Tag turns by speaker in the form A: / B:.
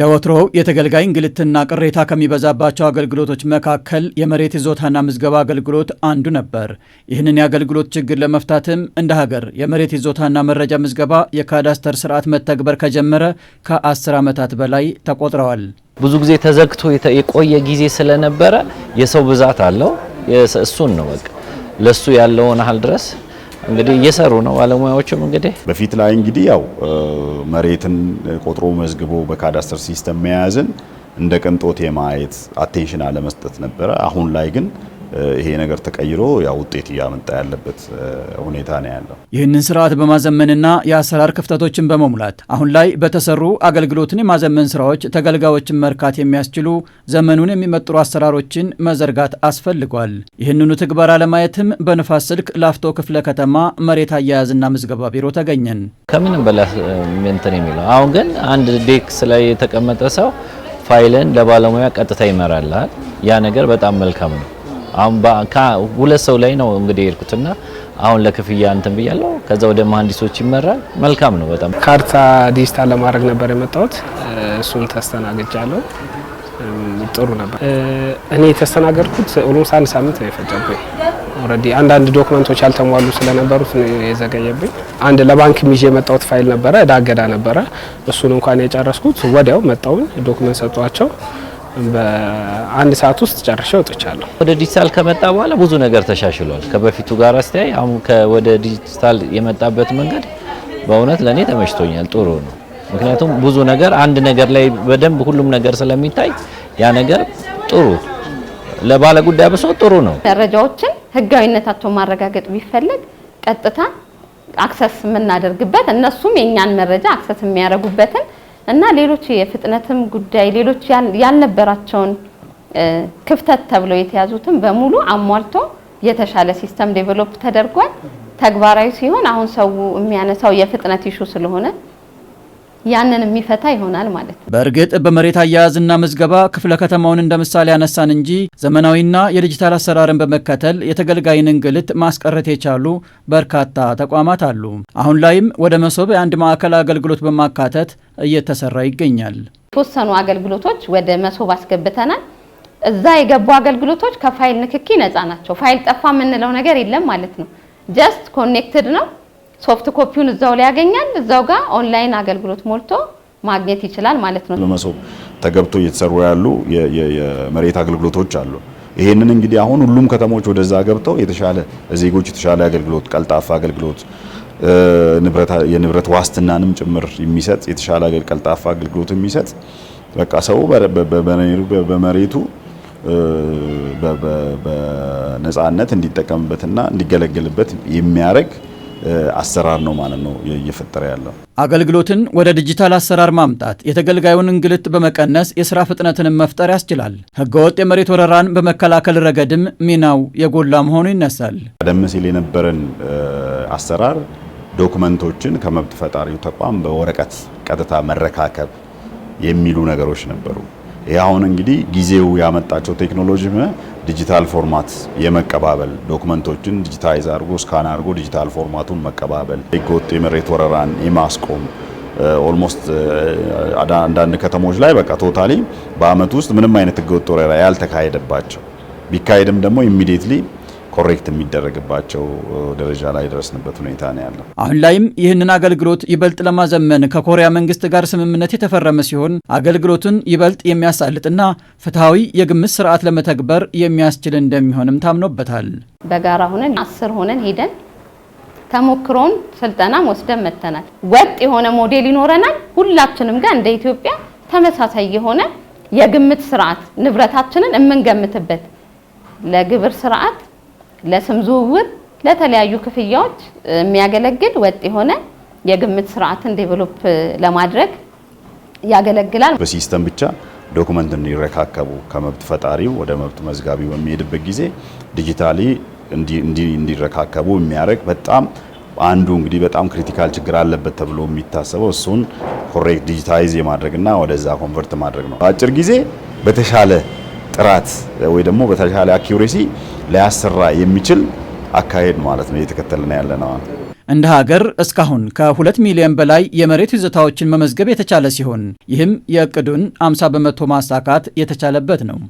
A: ለወትሮው የተገልጋይ እንግልትና ቅሬታ ከሚበዛባቸው አገልግሎቶች መካከል የመሬት ይዞታና ምዝገባ አገልግሎት አንዱ ነበር። ይህንን የአገልግሎት ችግር ለመፍታትም እንደ ሀገር የመሬት ይዞታና መረጃ ምዝገባ የካዳስተር ስርዓት መተግበር ከጀመረ ከአስር ዓመታት በላይ ተቆጥረዋል።
B: ብዙ ጊዜ ተዘግቶ የቆየ ጊዜ ስለነበረ የሰው ብዛት አለው። እሱን ነው በቃ ያለውን ያህል ድረስ እንግዲህ እየሰሩ ነው ባለሙያዎቹም። እንግዲህ
C: በፊት ላይ እንግዲህ ያው መሬትን ቆጥሮ መዝግቦ በካዳስተር ሲስተም መያዝን እንደ ቅንጦት የማየት አቴንሽን አለመስጠት ነበረ። አሁን ላይ ግን ይሄ ነገር ተቀይሮ ያው ውጤት እያመጣ ያለበት ሁኔታ ነው ያለው።
A: ይህንን ስርዓት በማዘመንና የአሰራር ክፍተቶችን በመሙላት አሁን ላይ በተሰሩ አገልግሎትን የማዘመን ስራዎች ተገልጋዮችን መርካት የሚያስችሉ ዘመኑን የሚመጥሩ አሰራሮችን መዘርጋት አስፈልጓል። ይህንኑ ትግበራ ለማየትም በንፋስ ስልክ ላፍቶ ክፍለ ከተማ መሬት አያያዝና ምዝገባ ቢሮ ተገኘን።
B: ከምንም በላይ እንትን የሚለው አሁን ግን አንድ ዴክስ ላይ የተቀመጠ ሰው ፋይልን ለባለሙያ ቀጥታ ይመራላል። ያ ነገር በጣም መልካም ነው። አሁን ሁለት ሰው ላይ ነው እንግዲህ የሄድኩትና አሁን ለክፍያ እንትን ብያለሁ። ከዛ ወደ መሀንዲሶች ይመራል። መልካም ነው በጣም
D: ካርታ ዲጂታል ለማድረግ ነበር የመጣሁት። እሱን ተስተናግጃለሁ። ጥሩ ነበር። እኔ የተስተናገድኩት ኦልሞስት አንድ ሳምንት ነው የፈጀብኝ። ኦልሬዲ አንዳንድ ዶክመንቶች ያልተሟሉ ስለነበሩት የዘገየብኝ። አንድ ለባንክ ይዤ የመጣሁት ፋይል ነበረ፣ እዳ አገዳ ነበረ። እሱን እንኳን የጨረስኩት ወዲያው መጣውን ዶክመንት ሰጧቸው በአንድ ሰዓት ውስጥ ጨርሼ ወጥቻለሁ።
B: ወደ ዲጂታል ከመጣ በኋላ ብዙ ነገር ተሻሽሏል። ከበፊቱ ጋር አስተያይ አሁን ወደ ዲጂታል የመጣበት መንገድ በእውነት ለእኔ ተመችቶኛል። ጥሩ ነው። ምክንያቱም ብዙ ነገር አንድ ነገር ላይ በደንብ ሁሉም ነገር ስለሚታይ ያ ነገር ጥሩ ለባለ ጉዳይ ብሶ ጥሩ ነው።
E: መረጃዎችን ህጋዊነታቸው ማረጋገጥ ቢፈለግ ቀጥታ አክሰስ የምናደርግበት እነሱም የእኛን መረጃ አክሰስ የሚያደርጉበትን እና ሌሎች የፍጥነትም ጉዳይ ሌሎች ያልነበራቸውን ክፍተት ተብለው የተያዙትም በሙሉ አሟልቶ የተሻለ ሲስተም ዴቨሎፕ ተደርጓል። ተግባራዊ ሲሆን አሁን ሰው የሚያነሳው የፍጥነት ኢሹ ስለሆነ ያንን የሚፈታ ይሆናል ማለት
A: ነው። በእርግጥ በመሬት አያያዝና ምዝገባ ክፍለ ከተማውን እንደ ምሳሌ ያነሳን እንጂ ዘመናዊና የዲጂታል አሰራርን በመከተል የተገልጋይን እንግልት ማስቀረት የቻሉ በርካታ ተቋማት አሉ። አሁን ላይም ወደ መሶብ የአንድ ማዕከል አገልግሎት በማካተት እየተሰራ ይገኛል።
E: የተወሰኑ አገልግሎቶች ወደ መሶብ አስገብተናል። እዛ የገቡ አገልግሎቶች ከፋይል ንክኪ ነፃ ናቸው። ፋይል ጠፋ የምንለው ነገር የለም ማለት ነው። ጀስት ኮኔክትድ ነው። ሶፍት ኮፒውን እዛው ላይ ያገኛል። እዛው ጋር ኦንላይን አገልግሎት ሞልቶ ማግኘት ይችላል ማለት ነው።
C: በመሶብ ተገብቶ እየተሰሩ ያሉ የመሬት አገልግሎቶች አሉ። ይሄንን እንግዲህ አሁን ሁሉም ከተሞች ወደዛ ገብተው የተሻለ ዜጎች የተሻለ አገልግሎት፣ ቀልጣፋ አገልግሎት የንብረት ዋስትናንም ጭምር የሚሰጥ የተሻለ ቀልጣፋ አገልግሎት የሚሰጥ በቃ ሰው በመሬቱ በነጻነት እንዲጠቀምበትና እንዲገለገልበት የሚያደርግ አሰራር ነው ማለት ነው እየፈጠረ ያለው።
A: አገልግሎትን ወደ ዲጂታል አሰራር ማምጣት የተገልጋዩን እንግልት በመቀነስ የስራ ፍጥነትንም መፍጠር ያስችላል። ህገወጥ የመሬት ወረራን በመከላከል ረገድም ሚናው የጎላ መሆኑ ይነሳል።
C: ቀደም ሲል የነበረን አሰራር ዶክመንቶችን ከመብት ፈጣሪው ተቋም በወረቀት ቀጥታ መረካከብ የሚሉ ነገሮች ነበሩ። ይህ አሁን እንግዲህ ጊዜው ያመጣቸው ቴክኖሎጂ ዲጂታል ፎርማት የመቀባበል ዶክመንቶችን ዲጂታይዝ አድርጎ ስካን አድርጎ ዲጂታል ፎርማቱን መቀባበል፣ ህገወጥ የመሬት ወረራን የማስቆም ኦልሞስት አንዳንድ ከተሞች ላይ በቃ ቶታሊ በአመት ውስጥ ምንም አይነት ህገወጥ ወረራ ያልተካሄደባቸው ቢካሄድም ደግሞ ኢሚዲየትሊ ኮሬክት የሚደረግባቸው ደረጃ ላይ የደረስንበት ሁኔታ ነው ያለው።
A: አሁን ላይም ይህንን አገልግሎት ይበልጥ ለማዘመን ከኮሪያ መንግስት ጋር ስምምነት የተፈረመ ሲሆን አገልግሎቱን ይበልጥ የሚያሳልጥና ፍትሐዊ የግምት ስርዓት ለመተግበር የሚያስችል እንደሚሆንም ታምኖበታል።
E: በጋራ ሆነን አስር ሆነን ሄደን ተሞክሮን ስልጠናም ወስደን መተናል። ወጥ የሆነ ሞዴል ይኖረናል። ሁላችንም ጋር እንደ ኢትዮጵያ ተመሳሳይ የሆነ የግምት ስርዓት ንብረታችንን የምንገምትበት ለግብር ስርዓት ለስም ዝውውር፣ ለተለያዩ ክፍያዎች የሚያገለግል ወጥ የሆነ የግምት ስርዓትን ዴቨሎፕ ለማድረግ ያገለግላል።
C: በሲስተም ብቻ ዶክመንት እንዲረካከቡ ከመብት ፈጣሪው ወደ መብት መዝጋቢው በሚሄድበት ጊዜ ዲጂታሊ እንዲረካከቡ የሚያደርግ በጣም አንዱ እንግዲህ በጣም ክሪቲካል ችግር አለበት ተብሎ የሚታሰበው እሱን ኮሬክት ዲጂታይዝ የማድረግና ወደዛ ኮንቨርት ማድረግ ነው። በአጭር ጊዜ በተሻለ ጥራት ወይ ደግሞ በተሻለ አኪዩሬሲ ሊያሰራ የሚችል አካሄድ ማለት ነው እየተከተልን ያለ ነው።
A: እንደ ሀገር እስካሁን ከሁለት ሚሊዮን በላይ የመሬት ይዞታዎችን መመዝገብ የተቻለ ሲሆን ይህም የእቅዱን 50 በመቶ ማሳካት የተቻለበት ነው።